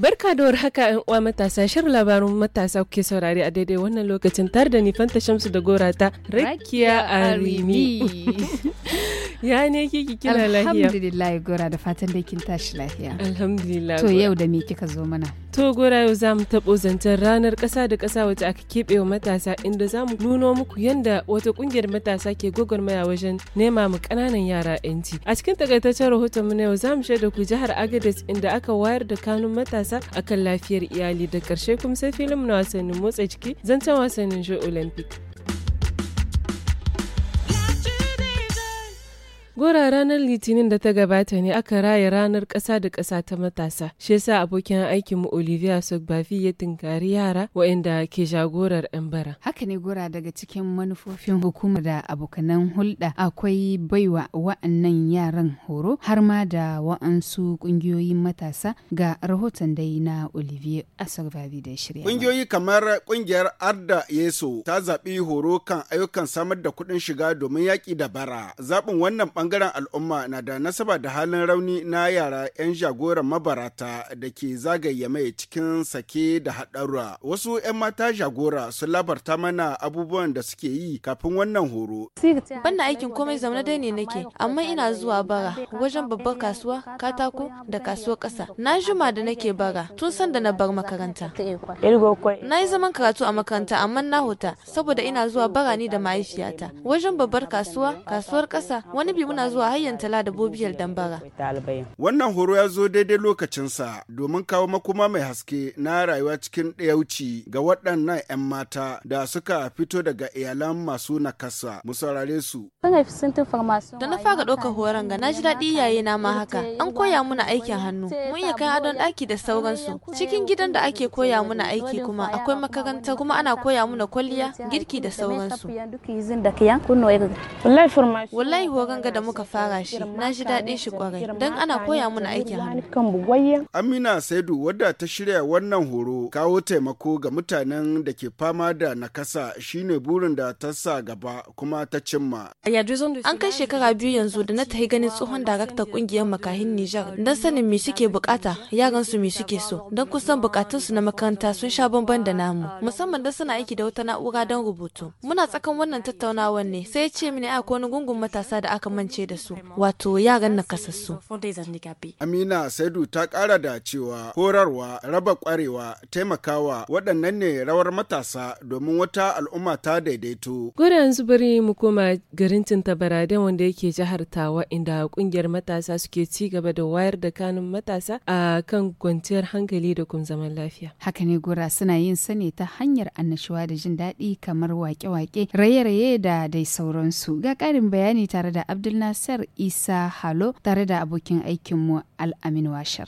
Barka da haka ‘yan uwa matasa shirin labarun matasa kuke saurari a daidai wannan lokacin tar da ni Fanta Shamsu da Gora ta Rakiya Arimi. Ya ne kiki kina lahiya? Alhamdulillah Gora da fatan da kin tashi lahiya. Alhamdulillah. To yau da me kika zo mana? To Gora yau za mu taɓo zancen ranar ƙasa da ƙasa wacce aka keɓe wa matasa inda za mu nuno muku yadda wata ƙungiyar matasa ke gwagwarmaya wajen nema mu ƙananan yara 'yanci. A cikin takaitaccen rahoton mu na yau za mu shaida ku jihar Agadez inda aka wayar da kanun matasa matasa akan lafiyar iyali da ƙarshe kuma sai filin na wasannin motsa jiki zancen wasannin jo olympic Gora ranar Litinin da ta gabata ne aka raya ranar ƙasa da ƙasa ta matasa. Shi yasa abokin aikinmu Olivia Sogbafi ya tunkari yara waɗanda ke jagorar 'yan bara. Haka ne gora daga cikin manufofin hukumar da abokanan hulɗa akwai baiwa wa'annan yaran horo har ma da wa'ansu ƙungiyoyin matasa ga rahoton dai na Olivier Asogbafi da shirya. Ƙungiyoyi kamar ƙungiyar Arda Yeso ta zaɓi horo kan ayyukan samar da kuɗin shiga domin yaƙi da bara. Zaɓin wannan bangaren al'umma na da nasaba da halin rauni na yara 'yan jagoran mabarata da ke zagaye mai cikin sake da haɗarwa. Wasu 'yan mata jagora sun labarta mana abubuwan da suke yi kafin wannan horo. Banda aikin komai zaune dai ne nake, amma ina zuwa bara wajen babbar kasuwa, katako da kasuwar ƙasa. Na juma da nake bara tun san na bar makaranta. Na yi zaman karatu a makaranta amma na huta saboda ina zuwa bara ni da mahaifiyata. Wajen babbar kasuwa, kasuwar ƙasa, wani bi muna ana zuwa hayan tala da bobiyar dambara. Wannan horo ya zo daidai lokacinsa domin kawo makoma mai haske na rayuwa cikin ɗayauci ga waɗannan 'yan mata da suka fito daga iyalan masu nakasa mu saurare su. Da na fara ɗaukar horon ga na ji daɗi yaye na ma haka an koya muna aikin hannu mun yi kai adon ɗaki da sauransu cikin gidan da ake koya muna aiki kuma akwai makaranta kuma ana koya muna kwalliya girki da sauransu. Wallahi horon ga da muka fara shi na ji daɗin shi kwarai don ana koya mana aikin hannu. Amina Saidu wadda ta shirya wannan horo kawo taimako ga mutanen da ke fama da nakasa shine burin da ta sa gaba kuma ta cimma. An kai shekara biyu yanzu da na tahi ganin tsohon daraktar kungiyar makahin Nijar don sanin me suke bukata yaran su me suke so don kusan bukatun su na makaranta sun sha bamban da namu ah, musamman da suna aiki da wata na'ura don rubutu. Muna tsakan wannan tattaunawar ne sai ya ce mini a wani gungun matasa da aka manta kasance da su wato yaran nakasassu. Amina Saidu ta kara da cewa horarwa raba kwarewa taimakawa waɗannan ne rawar matasa domin wata al'umma ta daidaito. yanzu zubiri mu koma garin Tintabaraden wanda yake jihar Tawa inda kungiyar matasa suke ci gaba da wayar da kanun matasa a kan kwanciyar hankali da kuma zaman lafiya. Haka ne gura suna yin sani ta hanyar annashuwa da jin daɗi kamar wake-wake raye-raye da dai sauransu. Ga ƙarin bayani tare da Abdul Nasser Isa Halo tare da abokin aikinmu Al-Amin Washar.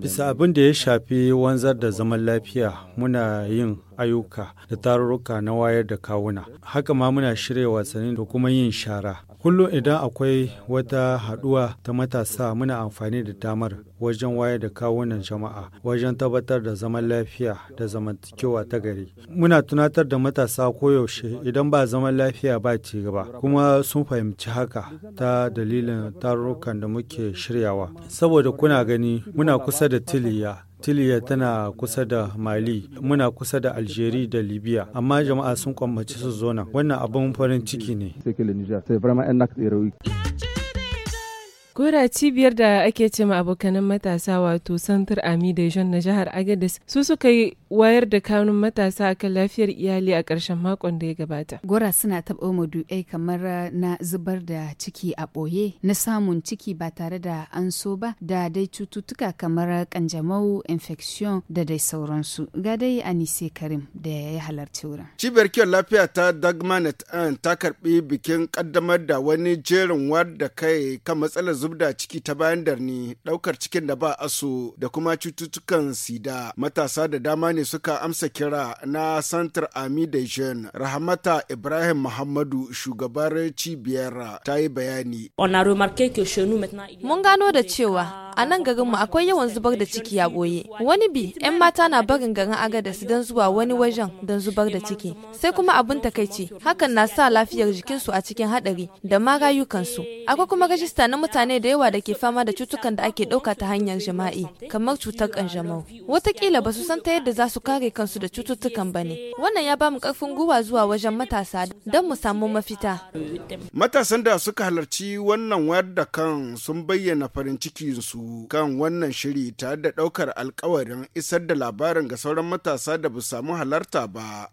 Bisa abin da ya shafi wanzar da zaman lafiya muna yin ayuka da tarurruka na wayar da kawuna. Haka ma muna shirya wasanni da kuma yin shara. Kullum idan akwai wata haɗuwa ta matasa muna amfani da damar wajen wayar da kawunan jama'a wajen tabbatar da zaman lafiya da zamantakewa ta gari. Muna tunatar da matasa koyaushe idan ba zaman lafiya ba ci gaba kuma sun fahimci haka ta dalilin tarurrukan da muke shiryawa. Saboda kuna gani muna kusa da tiliya. Tiliya tana kusa da Mali, muna kusa da Algeria da Libya, amma jama'a sun kwammaci su zona Wannan abin farin ciki ne. gora cibiyar da ake cema ma abokanan matasa wato Santar Ami da Jean na jihar Agadez su suka yi wayar da kanun matasa akan lafiyar iyali a ƙarshen makon da ya gabata. Gora suna taɓa madu'ai kamar eh, na zubar da ciki a ɓoye, na samun ciki ba tare da an so ba, da dai cututtuka kamar kanjamau, infection da dai sauransu. Ga dai Anise Karim da ya halarci wurin. Cibiyar kiwon lafiya ta Dagmanet An ta karɓi bikin ƙaddamar da wani jerin da kai kan matsalar da ciki ta bayan darni, ɗaukar cikin da ba aso da kuma cututtukan sida. Matasa da dama ne ne suka amsa kira na Santar Ami da jen Rahmata Ibrahim Muhammadu shugabar cibiyar ta yi bayani. Mun gano da cewa a nan garinmu akwai yawan zubar da ciki a boye. Wani bi 'yan mata na barin garin su don zuwa wani wajen don zubar da ciki. Sai kuma abin takaici hakan na sa lafiyar jikinsu a cikin hadari da ma rayukansu. Akwai kuma rajista na mutane da yawa da ke fama da cutukan da ake ɗauka ta hanyar jima'i kamar cutar kanjamau. watakila ba su san ta yadda za masu kare kansu da cututtukan ba ne. Wannan ya ba mu ƙarfin gwiwa zuwa wajen matasa don mu samu mafita. Matasan da suka halarci wannan wayar da kan sun bayyana farin cikinsu kan wannan shiri ta da ɗaukar alkawarin isar da labarin ga sauran matasa da ba samu halarta ba.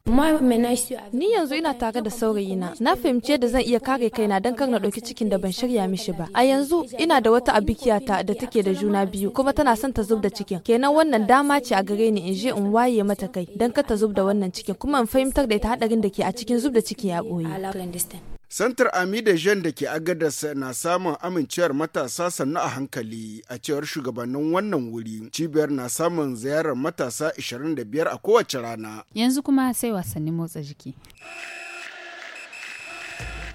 Ni yanzu ina tare da saurayina, na fahimci da zan iya kare kaina don kar na ɗauki cikin da ban shirya mishi ba. A yanzu ina da wata abikiyata da take da juna biyu kuma tana son ta zub da cikin. Kenan wannan dama ce a gare ni in je in waye waye mata kai don ka ta zub da wannan cikin kuma in fahimtar da ita hadarin da ke a cikin zub da ciki ya boye. Santar Amida Jean da ke agadasa na samun amincewar matasa sannu a hankali a cewar shugabannin wannan wuri. Cibiyar na samun ziyarar matasa 25 a kowace rana. Yanzu kuma sai wasannin motsa jiki.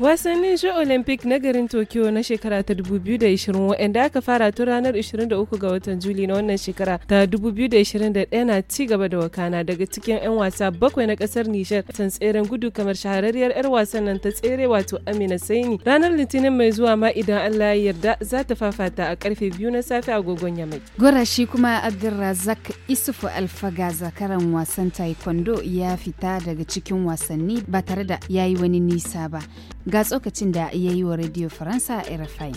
Wasannin shi Olympic na garin Tokyo na shekara ta 2020 wadanda aka fara tun ranar 23 ga watan Juli na wannan shekara ta 2021 na ci gaba da wakana daga cikin 'yan wasa bakwai na kasar Nijar san tseren gudu kamar shahararriyar 'yar wasan nan ta tsere wato Amina Saini. Ranar Litinin mai zuwa ma idan Allah ya yarda za ta fafata a karfe biyu na safe agogon Yamai. Gwarashi kuma Abdulrazak Isufu Alfaga zakaran wasan taekwondo ya fita daga cikin wasanni ba tare da ya yi wani nisa ba. ga tsokacin da ya yi wa Radio Faransa RFI.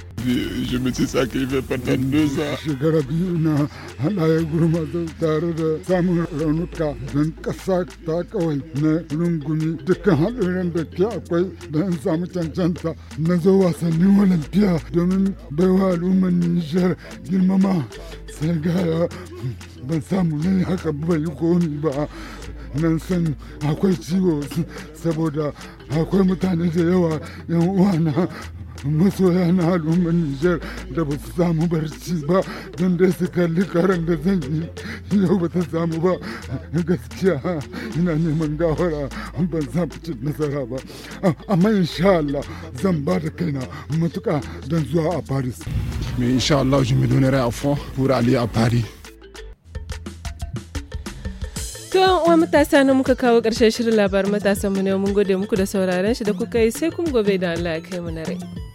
Shekara biyu na halaye gurma tare da samun raunuka don kasa ta kawai na rungumi dukkan haɗarin da ke akwai da samu cancanta na zo wasannin olympia domin baiwa al'ummar Nijar girmama sai gaya ban samu ne haka bai yi komi ba nan san akwai ciwo saboda akwai mutane da yawa yan uwana masoya na al'ummar Nijar da ba su samu barci ba don dai su kalli karan da zan yi yau ba ta samu ba gaskiya ina neman gawara ban samu cin nasara ba amma insha Allah zan ba da kaina matuka don zuwa a Paris. Mais insha Allah je me donnerai à fond pour a Paris. To uwa matasa na muka kawo ƙarshen shirin labarin matasan mu ne mun gode muku da sauraron shi da kuka yi sai kuma gobe da Allah ya kai mu na rai.